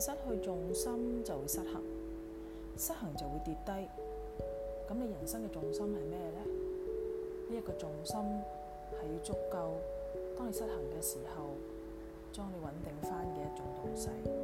失去重心就會失衡，失衡就會跌低。咁你人生嘅重心係咩呢？呢、這、一個重心係要足夠，當你失衡嘅時候，將你穩定翻嘅一種東西。